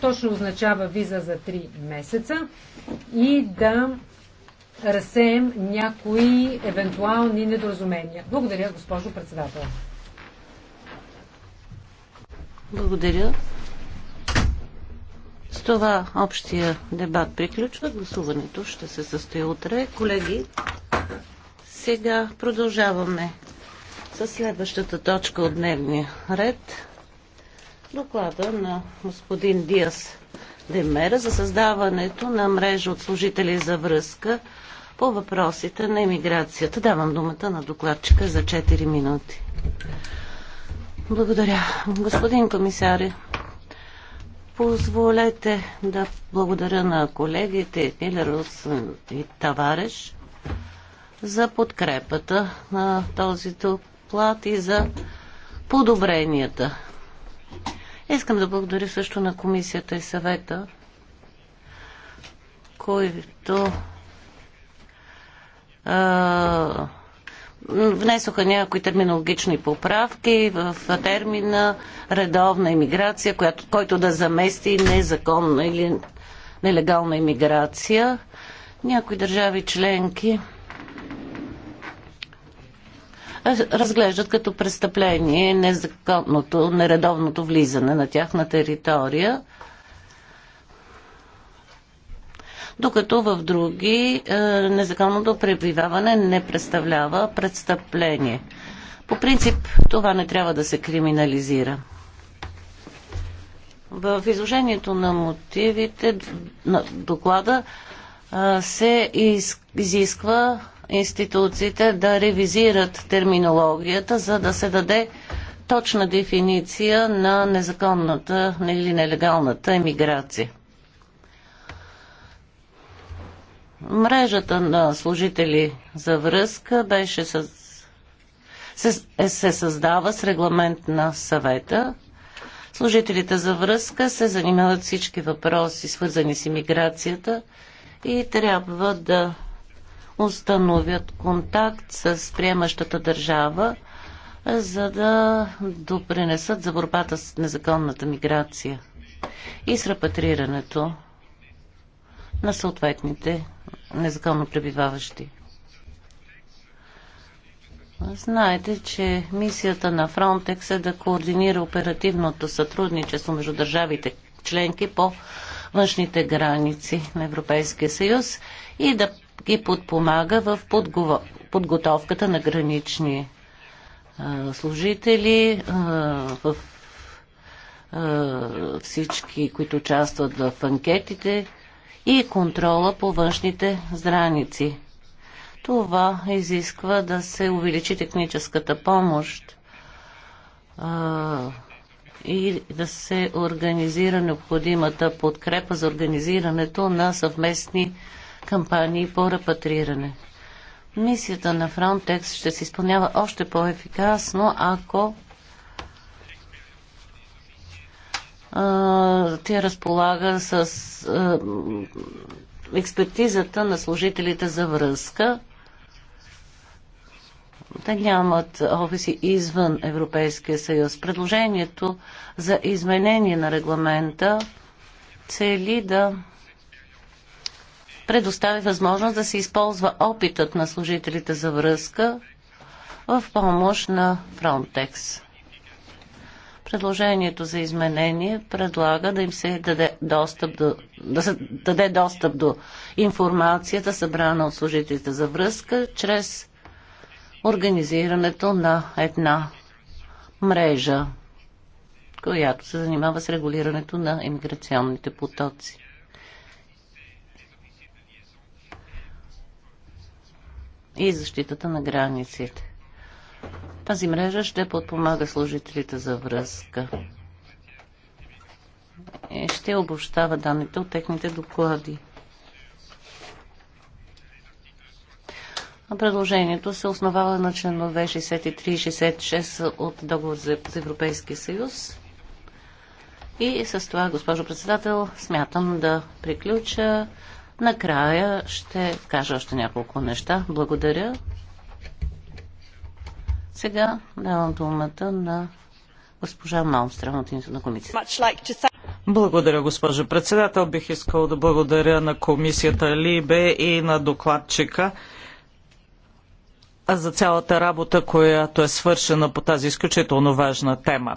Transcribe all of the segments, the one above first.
точно означава виза за 3 месеца и да разсеем някои евентуални недоразумения. Благодаря, госпожо председател. Благодаря. С това общия дебат приключва. Гласуването ще се състои утре. Колеги, сега продължаваме с следващата точка от дневния ред доклада на господин Диас Демера за създаването на мрежа от служители за връзка по въпросите на емиграцията. Давам думата на докладчика за 4 минути. Благодаря. Господин комисаре, позволете да благодаря на колегите Милерус и Тавареш за подкрепата на този доклад и за подобренията Искам да благодаря също на комисията и съвета, които а, внесоха някои терминологични поправки в термина редовна иммиграция, който да замести незаконна или нелегална иммиграция. Някои държави членки разглеждат като престъпление незаконното, нередовното влизане на тяхна територия, докато в други е, незаконното пребиваване не представлява престъпление. По принцип това не трябва да се криминализира. В изложението на мотивите на доклада е, се изисква институциите да ревизират терминологията, за да се даде точна дефиниция на незаконната или нелегалната емиграция. Мрежата на служители за връзка беше с... се, е, се създава с регламент на съвета. Служителите за връзка се занимават всички въпроси, свързани с иммиграцията и трябва да установят контакт с приемащата държава, за да допринесат за борбата с незаконната миграция и с репатрирането на съответните незаконно пребиваващи. Знаете, че мисията на Frontex е да координира оперативното сътрудничество между държавите членки по външните граници на Европейския съюз и да ги подпомага в подго... подготовката на гранични служители в всички, които участват в анкетите и контрола по външните граници. Това изисква да се увеличи техническата помощ и да се организира необходимата подкрепа за организирането на съвместни кампании по репатриране. Мисията на Frontex ще се изпълнява още по-ефикасно, ако тя разполага с а, експертизата на служителите за връзка. Те нямат офиси извън Европейския съюз. Предложението за изменение на регламента цели да предостави възможност да се използва опитът на служителите за връзка в помощ на Frontex. Предложението за изменение предлага да им се даде достъп до, да се даде достъп до информацията, събрана от служителите за връзка, чрез организирането на една мрежа, която се занимава с регулирането на иммиграционните потоци. и защитата на границите. Тази мрежа ще подпомага служителите за връзка и ще обобщава данните от техните доклади. Предложението се основава на членове 63 и 66 от договор за Европейския съюз. И с това, госпожо председател, смятам да приключа. Накрая ще кажа още няколко неща. Благодаря. Сега давам думата на госпожа Малмстрам от името на комисията. Благодаря, госпожо председател. Бих искал да благодаря на комисията Либе и на докладчика за цялата работа, която е свършена по тази изключително важна тема.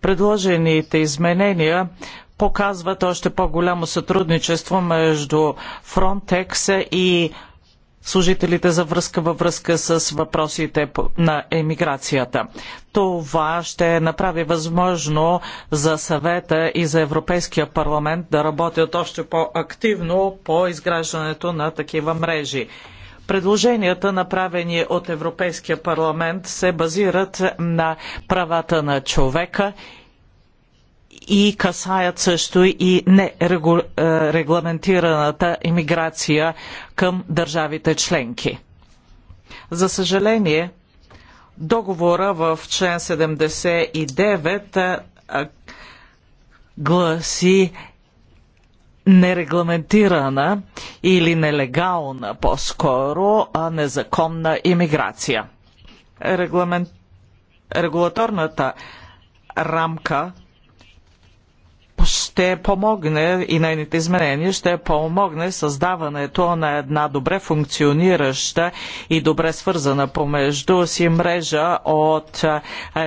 Предложените изменения показват още по-голямо сътрудничество между Frontex и служителите за връзка във връзка с въпросите на емиграцията. Това ще направи възможно за съвета и за Европейския парламент да работят още по-активно по изграждането на такива мрежи. Предложенията, направени от Европейския парламент, се базират на правата на човека и касаят също и нерегламентираната е, имиграция към държавите членки. За съжаление, договора в член 79 е, гласи нерегламентирана или нелегална по-скоро, а незаконна имиграция. Регламент... Регулаторната рамка ще помогне и нейните изменения ще помогне създаването на една добре функционираща и добре свързана помежду си мрежа от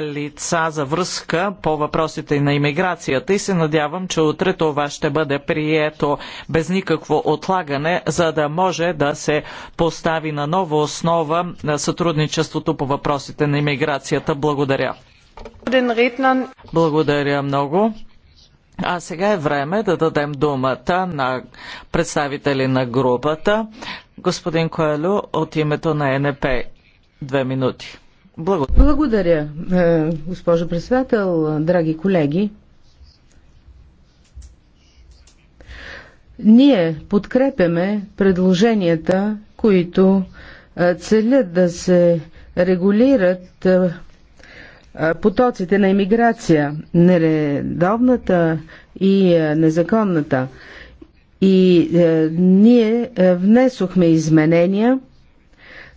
лица за връзка по въпросите на имиграцията и се надявам, че утре това ще бъде прието без никакво отлагане, за да може да се постави на нова основа на сътрудничеството по въпросите на имиграцията. Благодаря. Благодаря много. А сега е време да дадем думата на представители на групата. Господин Коелю от името на НП. Две минути. Благодаря. Благодаря, е, госпожо председател, драги колеги. Ние подкрепяме предложенията, които е, целят да се регулират е, потоците на иммиграция, нередовната и незаконната. И е, ние внесохме изменения,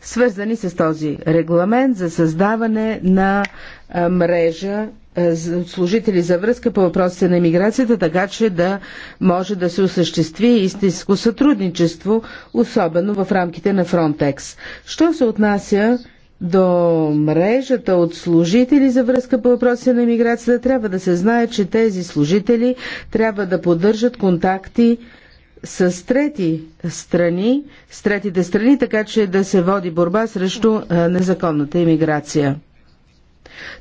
свързани с този регламент за създаване на мрежа служители за връзка по въпросите на иммиграцията, така че да може да се осъществи истинско сътрудничество, особено в рамките на Frontex. Що се отнася до мрежата от служители за връзка по въпроси на иммиграцията трябва да се знае, че тези служители трябва да поддържат контакти с трети страни, с третите страни, така че да се води борба срещу незаконната иммиграция.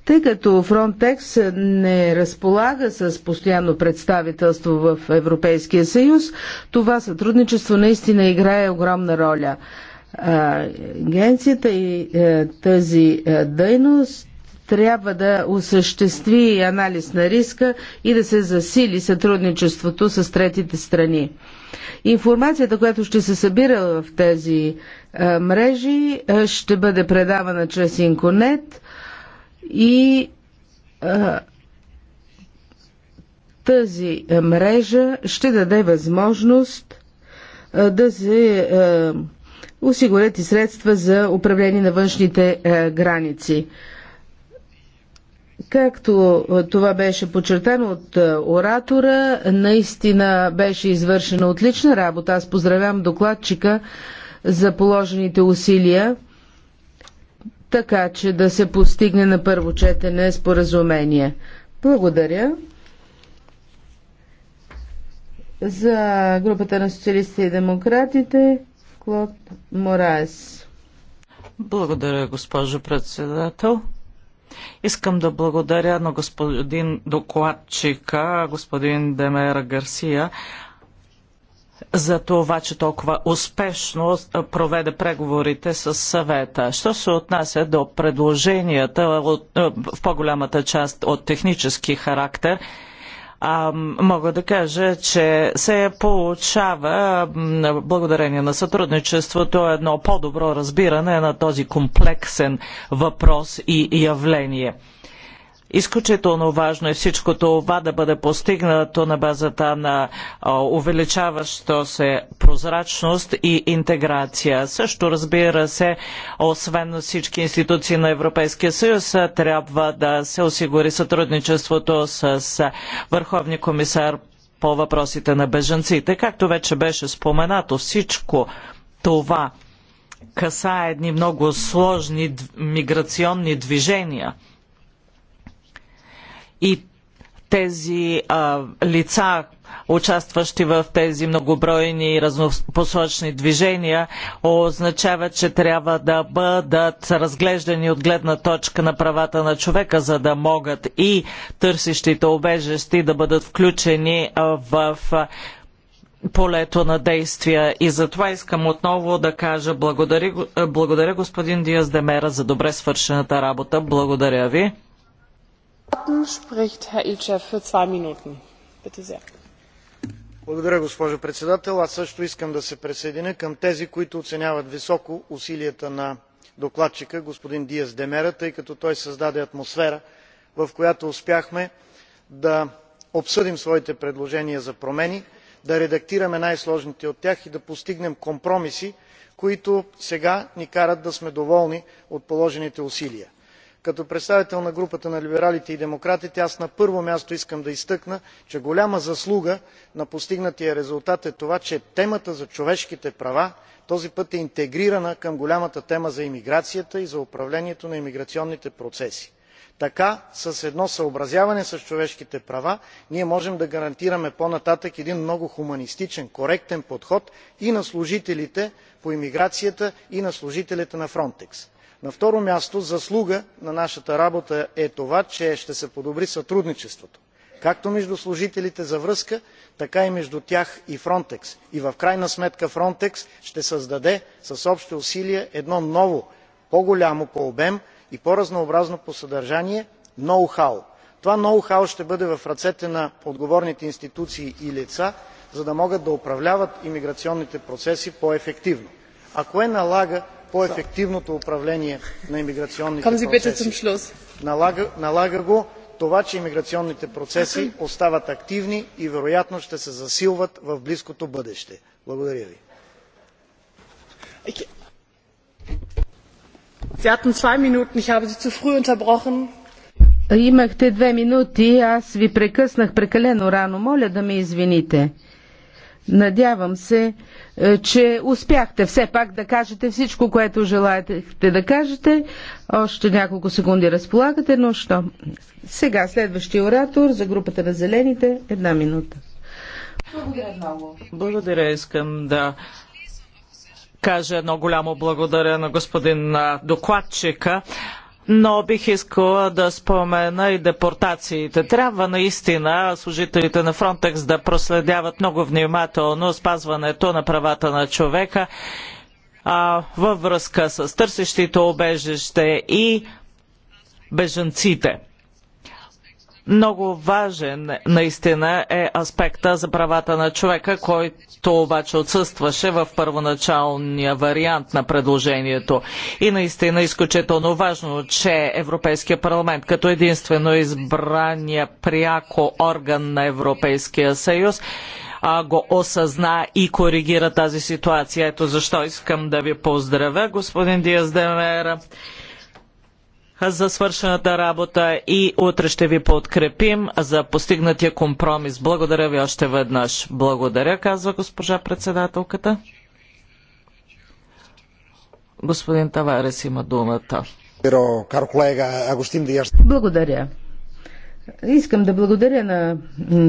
Тъй като Фронтекс не разполага с постоянно представителство в Европейския съюз, това сътрудничество наистина играе огромна роля агенцията и е, тази е, дейност трябва да осъществи анализ на риска и да се засили сътрудничеството с третите страни. Информацията, която ще се събира в тези е, мрежи, ще бъде предавана чрез Инконет и тази мрежа ще даде възможност да се осигурят и средства за управление на външните е, граници. Както е, това беше подчертано от е, оратора, наистина беше извършена отлична работа. Аз поздравям докладчика за положените усилия, така че да се постигне на първо четене споразумение. Благодаря. За групата на социалистите и демократите. Клод Мораес. Благодаря, госпожо председател. Искам да благодаря на господин докладчика, господин Демера Гарсия, за това, че толкова успешно проведе преговорите с съвета. Що се отнася до предложенията е, в по-голямата част от технически характер, а, мога да кажа, че се получава благодарение на сътрудничеството едно по-добро разбиране на този комплексен въпрос и явление. Изключително важно е всичко това да бъде постигнато на базата на увеличаващо се прозрачност и интеграция. Също разбира се, освен всички институции на Европейския съюз, трябва да се осигури сътрудничеството с Върховния комисар по въпросите на бежанците. Както вече беше споменато, всичко това касае едни много сложни миграционни движения – и тези а, лица, участващи в тези многобройни и разнопосочни движения, означава, че трябва да бъдат разглеждани от гледна точка на правата на човека, за да могат и търсещите обежещи да бъдат включени в полето на действия. И затова искам отново да кажа благодаря, благодаря господин Диаз Демера за добре свършената работа. Благодаря ви. Благодаря, госпожо председател. Аз също искам да се присъединя към тези, които оценяват високо усилията на докладчика господин Диас де Мера, тъй като той създаде атмосфера, в която успяхме да обсъдим своите предложения за промени, да редактираме най-сложните от тях и да постигнем компромиси, които сега ни карат да сме доволни от положените усилия като представител на групата на либералите и демократите аз на първо място искам да изтъкна че голяма заслуга на постигнатия резултат е това че темата за човешките права този път е интегрирана към голямата тема за имиграцията и за управлението на имиграционните процеси. така с едно съобразяване с човешките права ние можем да гарантираме по нататък един много хуманистичен коректен подход и на служителите по имиграцията и на служителите на фронтекс на второ място заслуга на нашата работа е това че ще се подобри сътрудничеството както между служителите за връзка така и между тях и фронтекс и в крайна сметка фронтекс ще създаде с общи усилия едно ново по голямо по обем и по разнообразно по съдържание ноу хау. това ноу хау ще бъде в ръцете на отговорните институции и лица за да могат да управляват имиграционните процеси по ефективно. а кое налага по-ефективното управление на имиграционните процеси. Налага го това, че имиграционните процеси остават активни и вероятно ще се засилват в близкото бъдеще. Благодаря ви. Имахте две минути, аз ви прекъснах прекалено рано. Моля да ме извините. Надявам се, е, че успяхте все пак да кажете всичко, което желаете да кажете. Още няколко секунди разполагате, но що? Сега следващия оратор за групата на зелените. Една минута. Благодаря много. Благодаря, искам да кажа едно голямо благодаря на господин докладчика но бих искала да спомена и депортациите. Трябва наистина служителите на Фронтекс да проследяват много внимателно спазването на правата на човека а, във връзка с търсещите обежище и бежанците. Много важен наистина е аспекта за правата на човека, който обаче отсъстваше в първоначалния вариант на предложението. И наистина изключително важно, че Европейския парламент като единствено избрания пряко орган на Европейския съюз го осъзна и коригира тази ситуация. Ето защо искам да ви поздравя, господин Диаз Демера за свършената работа и утре ще ви подкрепим за постигнатия компромис. Благодаря ви още веднъж. Благодаря, казва госпожа председателката. Господин Таварес има думата. Благодаря. Искам да благодаря на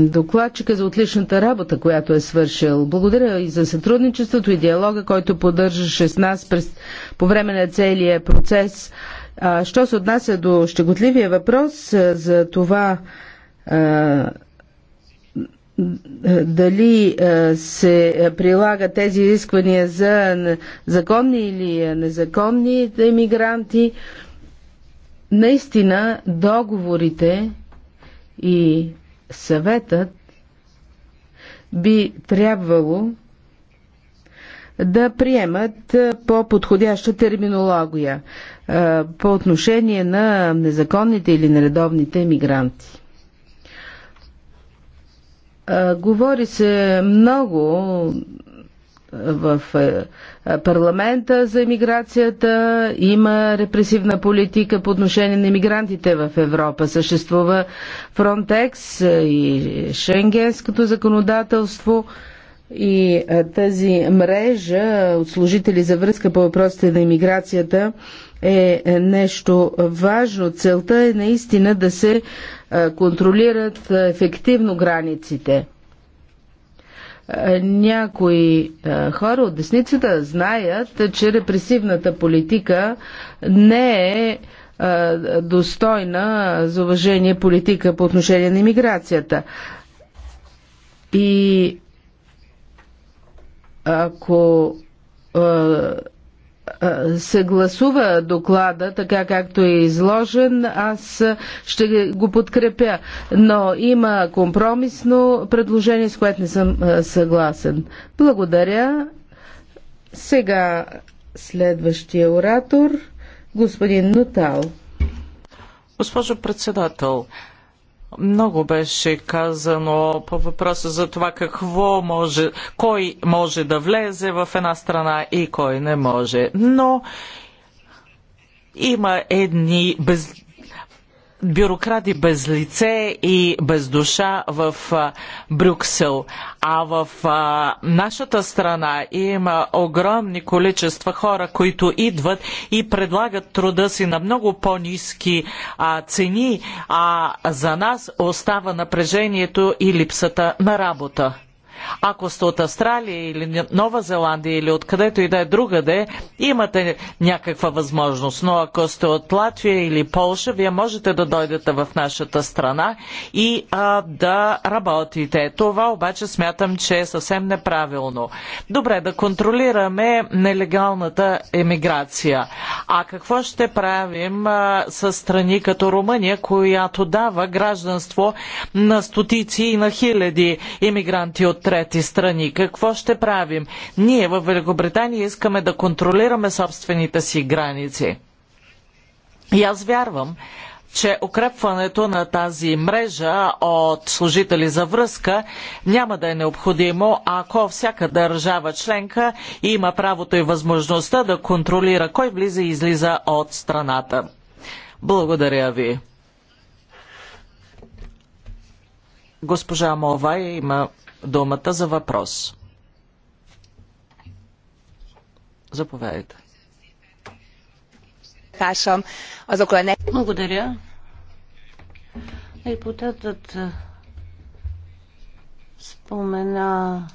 докладчика за отличната работа, която е свършил. Благодаря и за сътрудничеството и диалога, който поддържаше с нас през, по време на целия процес а, що се отнася до щеготливия въпрос за това а, дали се прилагат тези изисквания за законни или незаконни иммигранти, наистина договорите и съветът би трябвало да приемат по-подходяща терминология по отношение на незаконните или нередовните мигранти. Говори се много в парламента за иммиграцията, има репресивна политика по отношение на иммигрантите в Европа. Съществува Фронтекс и Шенгенското законодателство – и тази мрежа от служители за връзка по въпросите на иммиграцията е, е нещо важно. Целта е наистина да се контролират ефективно границите. Някои хора от десницата знаят, че репресивната политика не е достойна за уважение политика по отношение на иммиграцията. И ако се гласува доклада, така както е изложен, аз ще го подкрепя. Но има компромисно предложение, с което не съм съгласен. Благодаря. Сега следващия оратор, господин Нотал. Госпожо председател, много беше казано по въпроса за това какво може, кой може да влезе в една страна и кой не може. Но има едни без, бюрократи без лице и без душа в Брюксел. А в нашата страна има огромни количества хора, които идват и предлагат труда си на много по-низки цени, а за нас остава напрежението и липсата на работа. Ако сте от Австралия или Нова Зеландия или откъдето и да е другаде, имате някаква възможност. Но ако сте от Латвия или Полша, вие можете да дойдете в нашата страна и а, да работите. Това обаче смятам, че е съвсем неправилно. Добре, да контролираме нелегалната емиграция. А какво ще правим а, с страни като Румъния, която дава гражданство на стотици и на хиляди емигранти от трети страни. Какво ще правим? Ние в Великобритания искаме да контролираме собствените си граници. И аз вярвам, че укрепването на тази мрежа от служители за връзка няма да е необходимо, ако всяка държава членка има правото и възможността да контролира кой влиза и излиза от страната. Благодаря ви. Госпожа Мова има думата за въпрос. Заповядайте. Е Благодаря. Депутатът спомена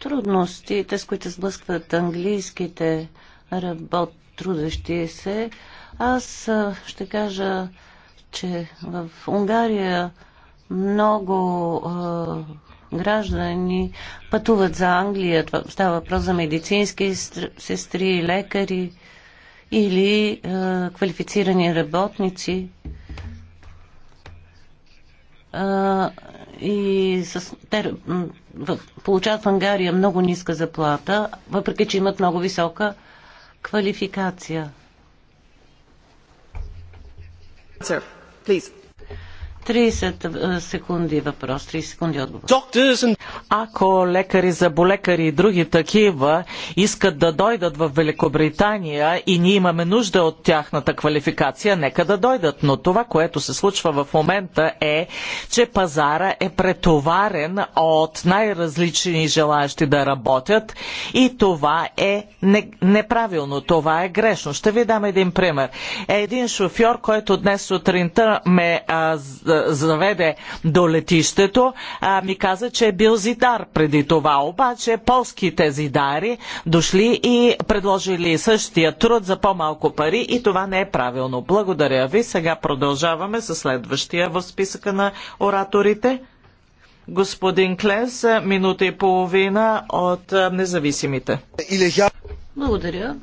трудностите, с които сблъскват английските работ, трудещи се. Аз ще кажа, че в Унгария много граждани пътуват за Англия. Това става въпрос за медицински сестри, лекари или е, квалифицирани работници. Е, и с, те в, получават в Ангария много ниска заплата, въпреки че имат много висока квалификация. Sir, please. 30 секунди въпрос, 30 секунди отговор. Ако лекари, заболекари и други такива искат да дойдат в Великобритания и ние имаме нужда от тяхната квалификация, нека да дойдат. Но това, което се случва в момента е, че пазара е претоварен от най-различни желаящи да работят и това е неправилно, това е грешно. Ще ви дам един пример. Е един шофьор, който днес сутринта ме а, заведе до летището, ми каза, че е бил зидар преди това. Обаче полските зидари дошли и предложили същия труд за по-малко пари и това не е правилно. Благодаря ви. Сега продължаваме с следващия в списъка на ораторите. Господин Клес, минута и половина от независимите. Благодаря.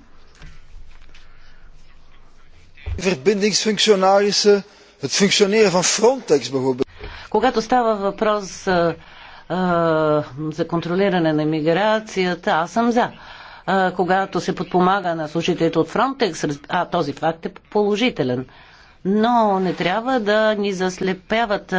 Verbindingsfunctionarissen Het functioneren van Frontex bijvoorbeeld. Когато става въпрос а, а, за контролиране на миграцията, аз съм за. А, когато се подпомага на служителите от Frontex, а този факт е положителен но не трябва да ни заслепяват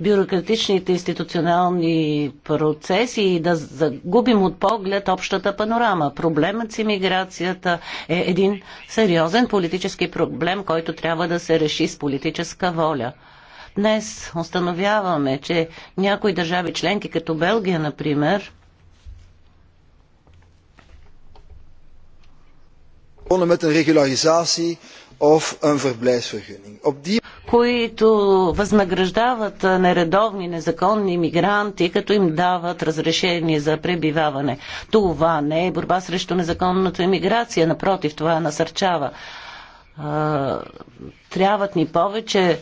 бюрократичните институционални процеси и да загубим от поглед общата панорама. Проблемът с иммиграцията е един сериозен политически проблем, който трябва да се реши с политическа воля. Днес установяваме, че някои държави членки, като Белгия, например, Begonnen met een regularisatie of een verblijfsvergunning. Op die... които възнаграждават нередовни, незаконни мигранти, като им дават разрешение за пребиваване. Това не е борба срещу незаконната иммиграция, напротив, това насърчава. Трябват ни повече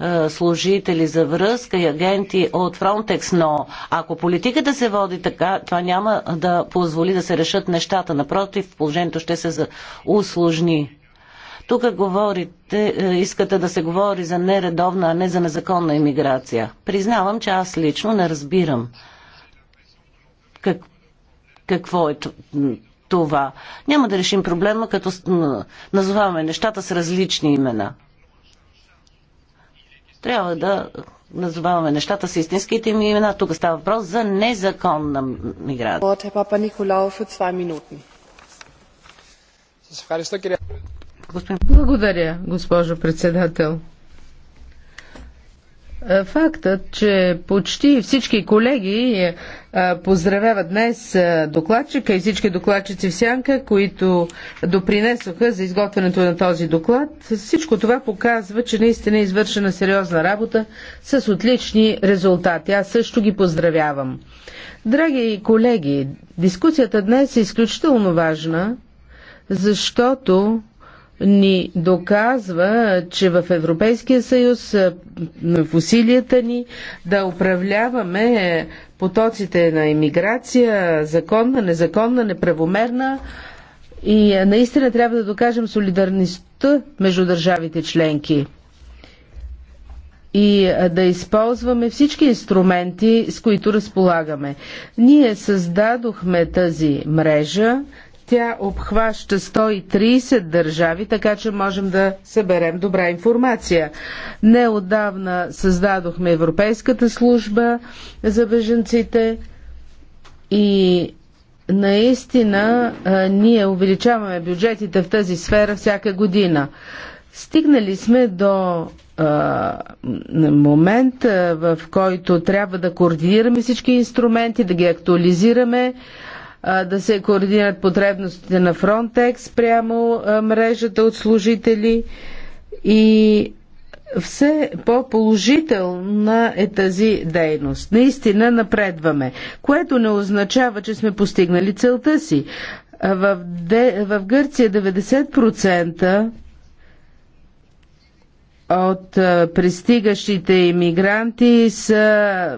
е, служители за връзка и агенти от Frontex, но ако политиката се води така, това няма да позволи да се решат нещата. Напротив, положението ще се усложни. Тук говорите, е, искате да се говори за нередовна, а не за незаконна иммиграция. Признавам, че аз лично не разбирам как, какво е това. Няма да решим проблема, като назоваваме нещата с различни имена. Трябва да назоваваме нещата с истинските им имена. Тук става въпрос за незаконна миграция. Е Благодаря, госпожо председател. Е, фактът, че почти всички колеги е, е, поздравяват днес докладчика и всички докладчици в Сянка, които допринесоха за изготвянето на този доклад, всичко това показва, че наистина е извършена сериозна работа с отлични резултати. Аз също ги поздравявам. Драги колеги, дискусията днес е изключително важна, защото ни доказва, че в Европейския съюз в усилията ни да управляваме потоците на иммиграция, законна, незаконна, неправомерна и наистина трябва да докажем солидарността между държавите членки и да използваме всички инструменти, с които разполагаме. Ние създадохме тази мрежа, тя обхваща 130 държави, така че можем да съберем добра информация. Неодавна създадохме Европейската служба за беженците и наистина ние увеличаваме бюджетите в тази сфера всяка година. Стигнали сме до момент, в който трябва да координираме всички инструменти, да ги актуализираме, да се координират потребностите на Frontex прямо мрежата от служители и все по-положителна е тази дейност. Наистина напредваме, което не означава, че сме постигнали целта си. В, Де... в Гърция 90% от пристигащите иммигранти са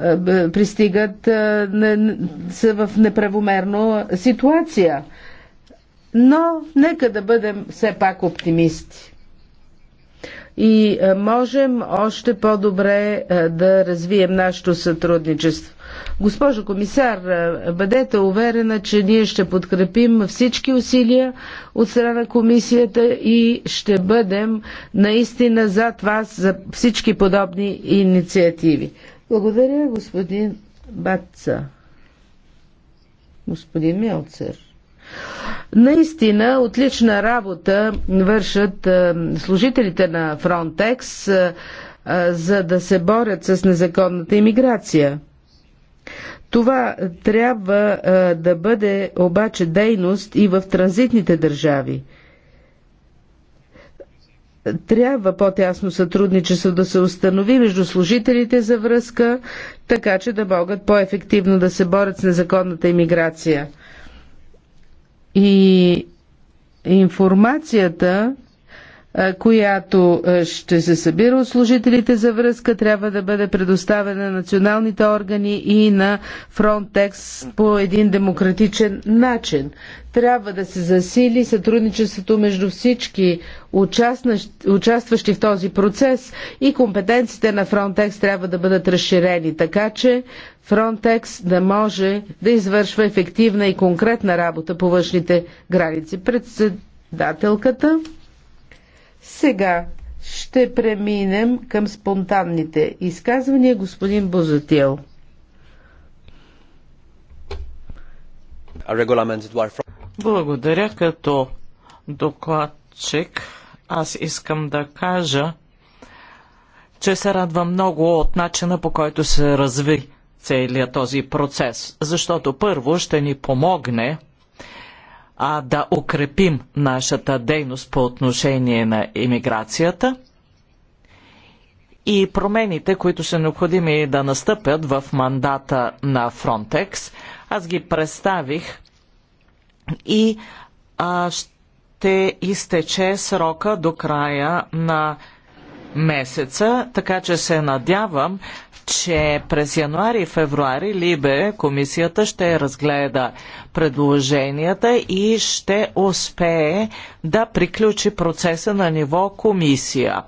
е, пристигат, е, са в неправомерна ситуация. Но нека да бъдем все пак оптимисти. И е, можем още по-добре да развием нашето сътрудничество. Госпожо комисар, бъдете уверена, че ние ще подкрепим всички усилия от страна на комисията и ще бъдем наистина зад вас за всички подобни инициативи. Благодаря, господин Батца. Господин Мелцер. Наистина отлична работа вършат е, служителите на Фронтекс, е, е, за да се борят с незаконната иммиграция. Това трябва да бъде обаче дейност и в транзитните държави трябва по-тясно сътрудничество да се установи между служителите за връзка, така че да могат по-ефективно да се борят с незаконната иммиграция. И информацията която ще се събира от служителите за връзка, трябва да бъде предоставена на националните органи и на Frontex по един демократичен начин. Трябва да се засили сътрудничеството между всички участващи в този процес и компетенциите на Frontex трябва да бъдат разширени, така че Frontex да може да извършва ефективна и конкретна работа по външните граници. Председателката сега ще преминем към спонтанните изказвания. Господин Бозатил. Благодаря като докладчик. Аз искам да кажа, че се радва много от начина по който се разви целият този процес, защото първо ще ни помогне а, да укрепим нашата дейност по отношение на имиграцията и промените, които са необходими да настъпят в мандата на Фронтекс. Аз ги представих и а, ще изтече срока до края на месеца, така че се надявам, че през януари и февруари Либе комисията ще разгледа предложенията и ще успее да приключи процеса на ниво комисия,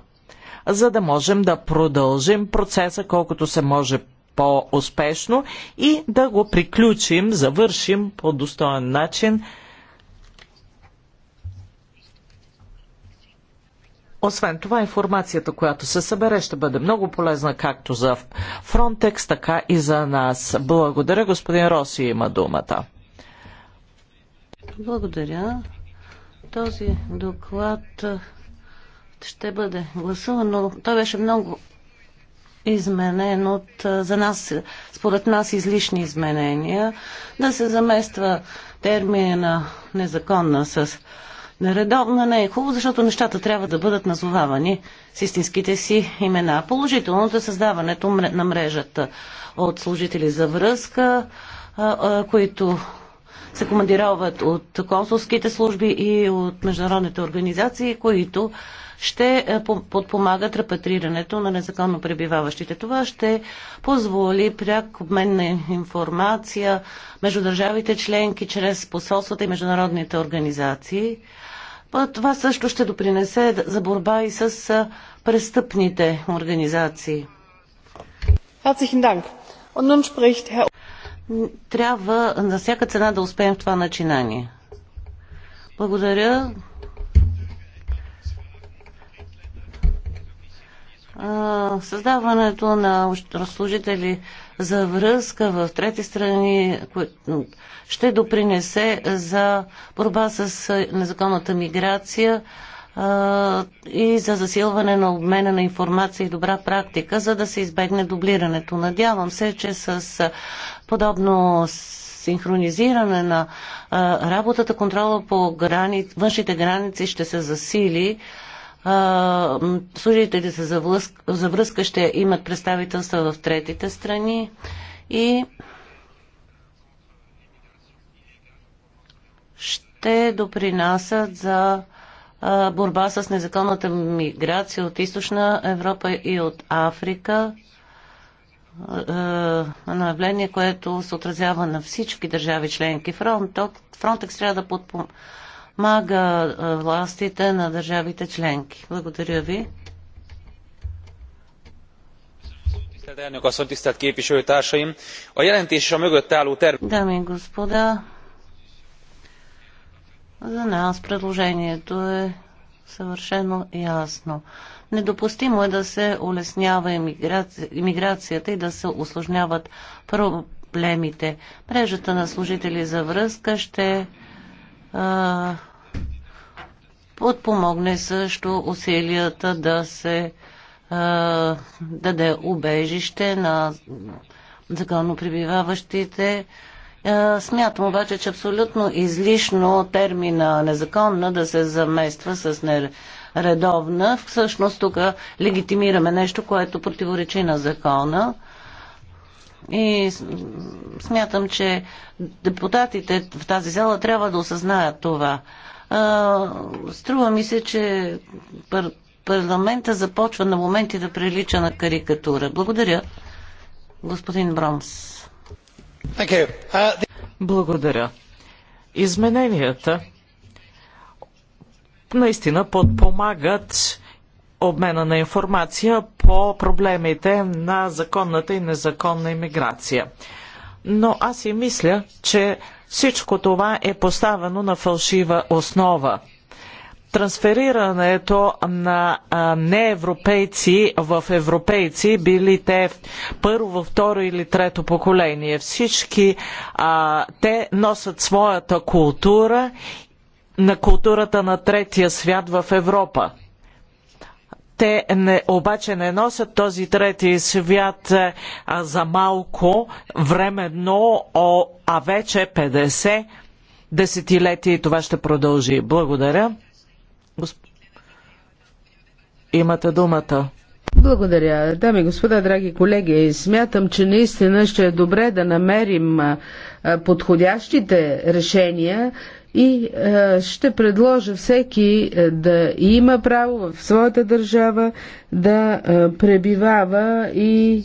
за да можем да продължим процеса колкото се може по-успешно и да го приключим, завършим по достоен начин – Освен това, информацията, която се събере, ще бъде много полезна както за Frontex, така и за нас. Благодаря, господин Роси има думата. Благодаря. Този доклад ще бъде гласуван, но той беше много изменен от за нас, според нас излишни изменения, да се замества термина незаконна с Нередовна не е хубаво, защото нещата трябва да бъдат назовавани с истинските си имена. Положителното е създаването на мрежата от служители за връзка, които се командироват от консулските служби и от международните организации, които ще е, подпомагат репатрирането на незаконно пребиваващите. Това ще позволи пряк обмен на информация между държавите членки, чрез посолствата и международните организации. Това също ще допринесе за борба и с е, престъпните организации. Herzlichen Dank. Und nun spricht Herr трябва на всяка цена да успеем в това начинание. Благодаря. Създаването на служители за връзка в трети страни ще допринесе за борба с незаконната миграция и за засилване на обмена на информация и добра практика, за да се избегне дублирането. Надявам се, че с подобно синхронизиране на а, работата, контрола по грани, външните граници ще се засили. служителите за, влъз, за връзка ще имат представителства в третите страни и ще допринасят за борба с незаконната миграция от източна Европа и от Африка е, е, на явление, което се отразява на всички държави членки. Фронтекс трябва да подпомага е, властите на държавите членки. Благодаря ви. Дами и господа, за нас предложението е съвършено ясно. Недопустимо е да се улеснява иммиграцията и да се осложняват проблемите. Мрежата на служители за връзка ще а, подпомогне също усилията да се а, даде убежище на законно прибиваващите. Смятам обаче, че абсолютно излишно термина незаконна да се замества с редовна. Всъщност тук легитимираме нещо, което противоречи на закона. И смятам, че депутатите в тази зала трябва да осъзнаят това. А, струва ми се, че пар- парламента започва на моменти да прилича на карикатура. Благодаря, господин Бромс. Uh, Благодаря. Измененията наистина подпомагат обмена на информация по проблемите на законната и незаконна иммиграция. Но аз и мисля, че всичко това е поставено на фалшива основа трансферирането на неевропейци в европейци, били те първо, второ или трето поколение. Всички а, те носят своята култура на културата на третия свят в Европа. Те не, обаче не носят този трети свят е, а, за малко, временно, о, а вече 50 десетилетия и това ще продължи. Благодаря. Госп... Имате думата. Благодаря. Дами и господа, драги колеги, смятам, че наистина ще е добре да намерим подходящите решения и е, ще предложа всеки е, да има право в своята държава да е, пребивава и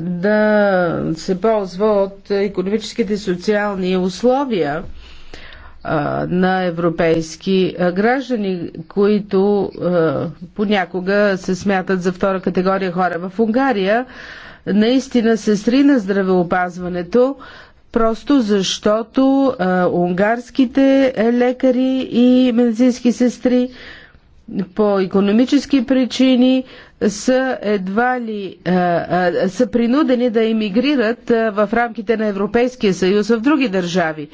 да се ползва от економическите и социални условия на европейски граждани, които понякога се смятат за втора категория хора. В Унгария наистина се срина здравеопазването, просто защото унгарските лекари и медицински сестри по економически причини са едва ли а, а, са принудени да емигрират а, в рамките на Европейския съюз в други държави.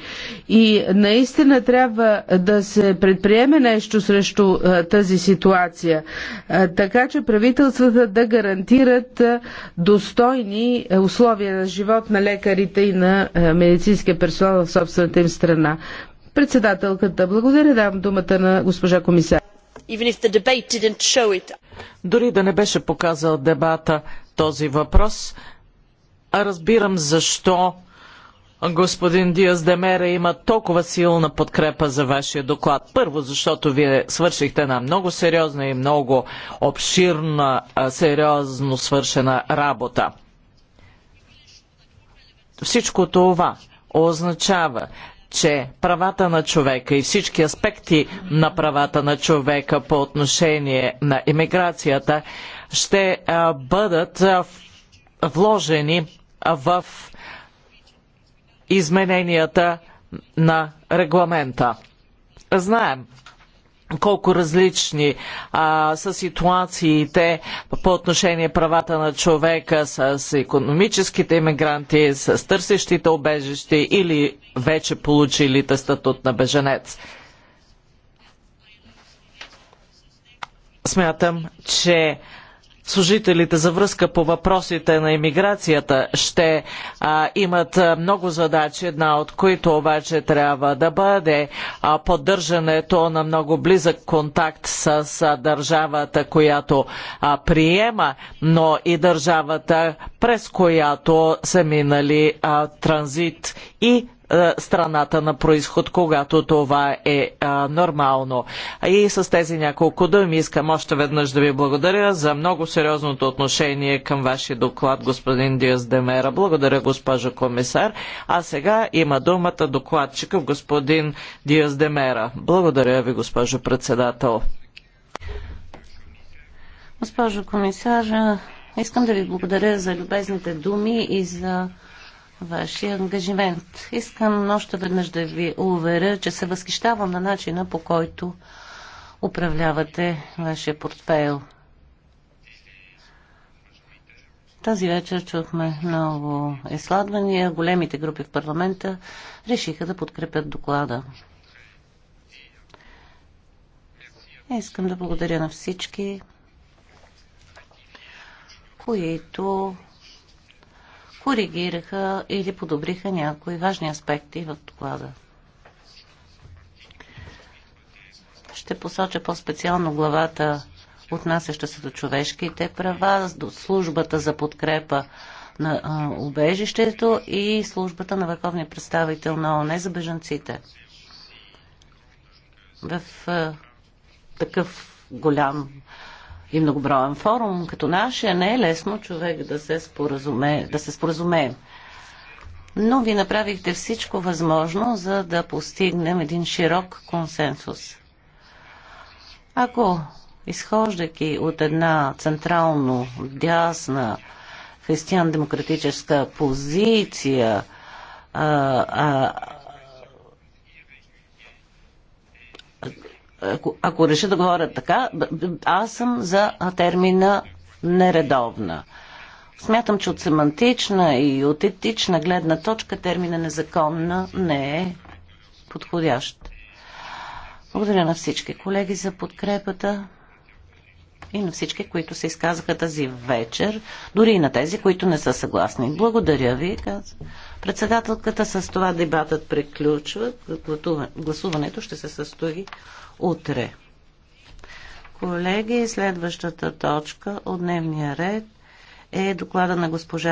И наистина трябва да се предприеме нещо срещу а, тази ситуация, а, така че правителствата да гарантират а, достойни условия на живот на лекарите и на а, медицинския персонал в собствената им страна. Председателката, благодаря, давам думата на госпожа комисар. Дори да не беше показал дебата този въпрос, разбирам защо господин Диас Демера има толкова силна подкрепа за вашия доклад. Първо, защото вие свършихте една много сериозна и много обширна, сериозно свършена работа. Всичко това означава, че правата на човека и всички аспекти на правата на човека по отношение на имиграцията ще бъдат вложени в измененията на регламента. Знаем, колко различни а, са ситуациите по отношение правата на човека с економическите иммигранти, с търсещите обежище или вече получилите статут на беженец. Смятам, че служителите за връзка по въпросите на имиграцията ще а, имат много задачи, една от които обаче трябва да бъде а, поддържането на много близък контакт с а, държавата, която приема, но и държавата, през която са минали транзит и е, страната на происход, когато това е нормално. И с тези няколко думи искам още веднъж да ви благодаря за много сериозното отношение към вашия доклад, господин Диас Демера. Благодаря, госпожо комисар. А сега има думата докладчика господин Диас Демера. Благодаря ви, госпожо председател. Госпожо комисар, искам да ви благодаря за любезните думи и за вашия ангажимент. Искам още веднъж да ви уверя, че се възхищавам на начина по който управлявате вашия портфейл. Тази вечер чухме много изследвания. Големите групи в парламента решиха да подкрепят доклада. Искам да благодаря на всички, които коригираха или подобриха някои важни аспекти в доклада. Ще посоча по-специално главата, отнасяща се до човешките права, до службата за подкрепа на а, убежището и службата на върховния представител на ОНЕ за бежанците. В а, такъв голям и многоброен форум като нашия не е лесно човек да се споразуме, да се споразумее. Но ви направихте всичко възможно, за да постигнем един широк консенсус. Ако изхождайки от една централно дясна християн-демократическа позиция, а, а, ако, ако реша да говоря така, аз съм за термина нередовна. Смятам, че от семантична и от етична гледна точка термина незаконна не е подходящ. Благодаря на всички колеги за подкрепата и на всички, които се изказаха тази вечер, дори и на тези, които не са съгласни. Благодаря ви. Председателката с това дебатът приключва. Гласуването ще се състои утре. Колеги, следващата точка от дневния ред е доклада на госпожа